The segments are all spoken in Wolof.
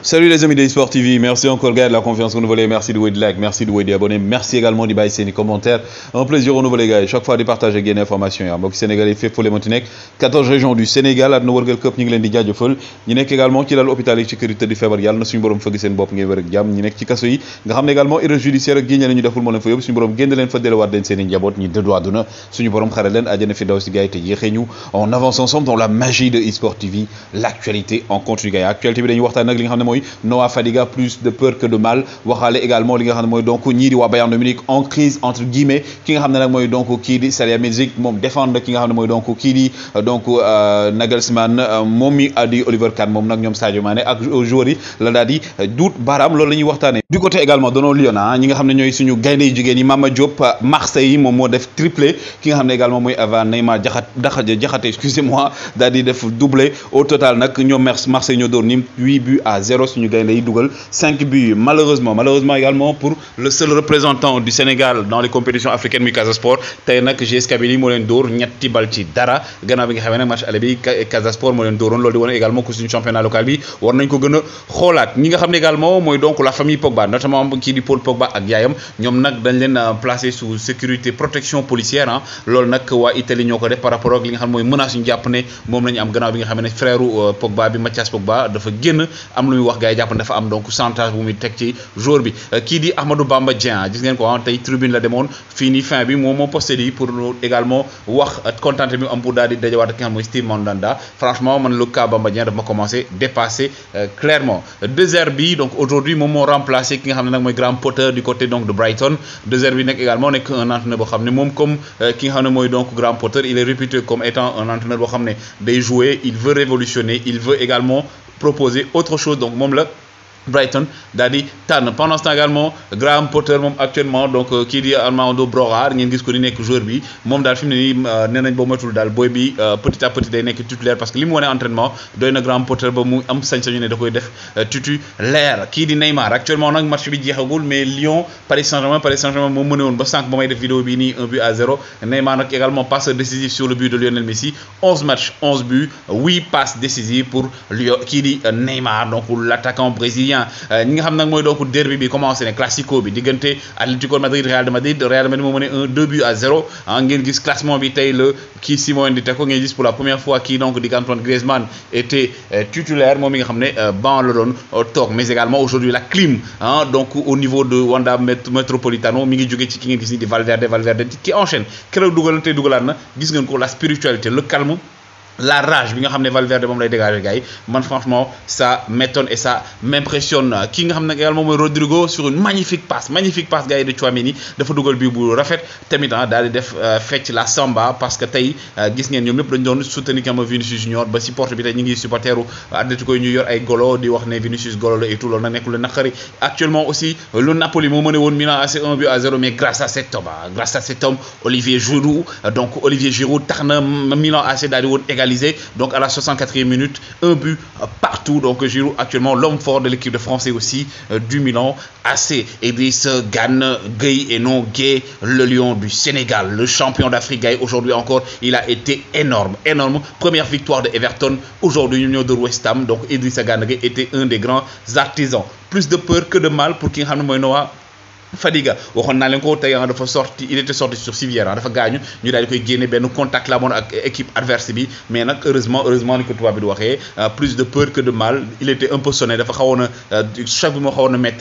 Salut les amis de e-Sport TV, merci encore gars de la confiance voulez, merci de vous like, merci de vous abonner, merci également de commentaires. Un plaisir gars, chaque fois de partager informations. Il Sénégalais fait pour les 14 régions du Sénégal, à également qui l'hôpital de sécurité du février, nous également qui de Nous On avance ensemble dans la magie de TV, l'actualité en moy Noah Fadiga plus de peur que de mal waxale également li nga xam moy donc ñi di wa Bayern Dominique en crise entre guillemets ki nga xam nak moy donc ki di Music mom défendre ki nga xam moy donc ki di euh, donc euh, Nagelsmann euh, mom mi adi Oliver Kahn mom nak ñom Sadio Mané ak joueur yi la daldi di baram baaraam loolu la ñuy waxtaanee. du côté également dono Lyonnais ah, ñi nga xam ñoy suñu gaynde yu yi Mama Diop Marseille yi moom moo def triplé ki nga xam également moy avant Neymar jaxat daxaja jaxate excusez moi daldi def doublé au total nak ñom Marseille ñoo door Nîmes 8 buts à 0 0 suñu gaynde lay duggal 5 buts malheureusement malheureusement également pour le seul représentant du Sénégal dans les compétitions africaines du Casa Sport tay nak GS Kabylie mo len door ñetti bal ci dara gannaaw bi nga xamee nag match aller bi Casa Sport moo leen dóoroon loolu di won également que suñu championnat local bi war nañ ko gëna a ñi nga xamné également moy donc la famille Pogba notamment qui di Paul Pogba ak yayam ñom nak dañ leen placé sous sécurité protection policière ah loolu nag waa Italie def par rapport ak li nga xamné moy menace ñu japp né mom la am bi nga xamné frère euh, Pogba bi Mathias Pogba dafa gën am lu wax gars japp dafa am donc centrage bu muy teg ci jour bi euh, ki di Ahmadou Bamba dian gis ngeen ko ah, tay tribune la demone Fini fin bi moom moo posté pour également wax kontaan bi am pour dal di dajewat ki nga xam Steve Mandanda franchement man le Bamba dian daf ma dépasser dépasser euh, clairement Désert bi donc aujourd'hui moom moo remplacé ki nga xam nak moy grand Potter du côté donc de Brighton Désert bi nek également nek un entraîneur bo xamne mom comme euh, ki nga xamne ne donc grand Potter il est réputé comme étant un entraîneur bo xamne day jouer il veut révolutionner il veut également proposer autre chose. Donc, mon là Brighton Dadi Tan pendant ce temps également Graham Potter actuellement donc euh, kii euh, Armando Brohard ngeen gis ko ni nek joueur bi mom dal fi mu ne nii euh, nee est matul dal bi petit à petit day nek titulaire parce que limu woné entraînement doyna Graham Potter ba mu am sañ-sañu né da koy def titulaire kii Neymar actuellement match bi mais Lyon Paris Saint-Germain Paris Saint-Germain mo mëne won ba def vidéo bi 1 but à 0 Neymar nag également passe décisif sur le but de Lionel Messi 11 matchs 11 buts 8 passes décisives pour Lyon Neymar donc l'attaquant brésilien Espagne euh, ñi nga xam nag mooy donc derby bi commencé ne classico bi diggante Atlético Madrid Real de Madrid Real Madrid moo mën un deux buts à zéro ah ngeen gis classement bi tay le qui Simon di Teco ngeen gis pour la première fois qui donc di Antoine Griezmann était euh, titulaire moom mi nga xamné euh, ban la don tok mais également aujourd'hui la clim ah donc au niveau de Wanda Metropolitano mi ngi joggé ci ki ngeen gis ni di Valverde Valverde qui enchaîne keroog dugal te gis ngeen ko la spiritualité le calme la rage bi nga xamné ne Valverde mom lay dégager gars yi man franchement ça m'étonne et ça m'impressionne ki nga xamné également Rodrigo sur une magnifique passe magnifique passe gars yi de Tchouaméni dafa dugal bi bu rafet tamit ah dal di def euh, fetch la samba parce que tay euh, gis ngeen ñoom ñëpp dañu doon soutenir kama Vinicius Junior ba supporter bi tay ñi ngi supporteru Atlético koy ñu yor ay golo di wax né Vinicius golo la et tout loolu nag nekkul lu naqari actuellement aussi le Napoli mo meune won Milan AC 1 but à 0 mais grâce à cet homme ah, grâce à cet homme Olivier Giroud donc Olivier Giroud taxna Milan AC d'aller di won donc à la 64e minute, un but euh, partout. Donc Giroud actuellement l'homme fort de l'équipe de France et aussi euh, du Milan assez, Idriss Gane, et non gay, le lion du Sénégal, le champion d'Afrique aujourd'hui encore, il a été énorme, énorme. Première victoire de Everton aujourd'hui, Union de West Ham. Donc Idriss Gane était un des grands artisans. Plus de peur que de mal pour King Moinoa. Fadiga ah, il était sorti sur civière il a gagné Nous avons gagné, génne contact l'équipe adverse mais heureusement heureusement ah, plus de peur que de mal il était un peu sonné dafa a ah,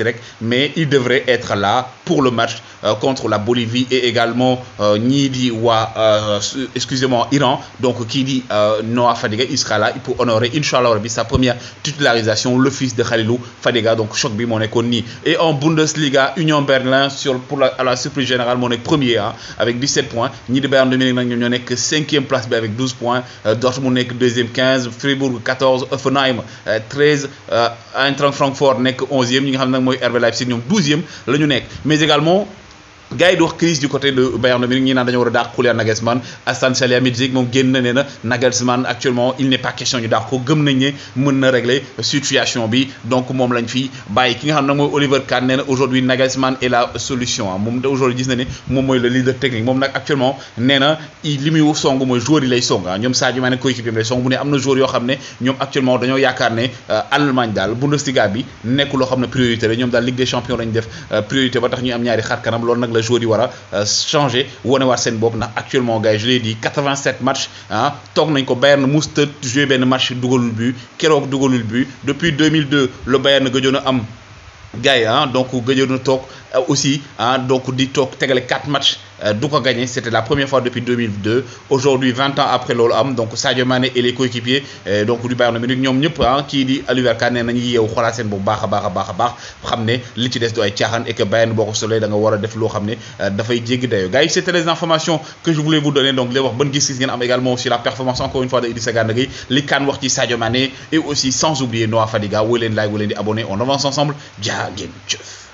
mais il devrait être là pour le match contre la Bolivie et également l'Iran. wa excusez-moi Iran donc qui dit Noah Fadiga il sera là pour honorer inchallah sa première titularisation le fils de Khalilou Fadiga donc choc bi et en Bundesliga Union Berlin sur, pour la, à la surprise générale moo premier hein, avec 17 points Ni Bayern de Munich cinquième place avec 12 points euh, Dortmund nekk deuxième 15 Fribourg 14 Offenheim 13 euh, euh, Eintracht Francfort 11e ñi nga Leipzig 12e mais également gars di wax crise du côté de Bayern Munich ñi naan dañu wara a dàq Julian Nagelsmann Hasan Salihamidzic moom génn na ne Nagelsmann actuellement il n'est pas question ñu dàq ko gëm nañ ne mën na régler situation bi donc mom lañ fi bàyyi ki nga xam ne moy Oliver Kahn nee aujourd'hui Nagelsmann est la solution ah, mom aujourd'hui gis na ne mom moy le leader technique mom nak actuellement nee na li muy song moy joueur yi lay song ah, ñom Sadio Mané coéquipier lay song bu ne am na joueurs yoo xam actuellement dañoo yaakaar Né euh, Allemagne dal Bundesliga bi nekku lo xamné priorité la ñom dal Ligue des champions lañ def euh, priorité ba tax ñu am ñaari xar kanam loolu nag jouer joueurs euh, changer wanewaat actuellement gars je l'ai dit 87 matchs hein tok nañ ko Bayern Moust jouer ben match dougalul but kérok depuis 2002 le Bayern gëjoon am gay hein ah, donc gëjoon na euh, aussi hein donc di toog tegale quatre matchs euh, donc ko gagné la première fois depuis 2002 aujourd'hui vingt ans après loolu am donc Sadio Mané et les coéquipiers euh, donc du Bayern Munich ñom ñep hein ah, kii di Aliou Werka nee nañu yeewu xoolaa seen bu baax a baax a baax a li ci dess do ay caaxaan et que Bayern boko ko da nga wara def lo xamné da fay jéggi dayoo gars c'était les informations que je voulais vous donner donc les wax bonne gis-gis ngeen am également sur la performance encore une fois de Idrissa Gueye li kan wax ci Sadio Mané et aussi sans oublier Noah Fadiga woo like woo di abonné on avance ensemble jaa Dagen Jeff.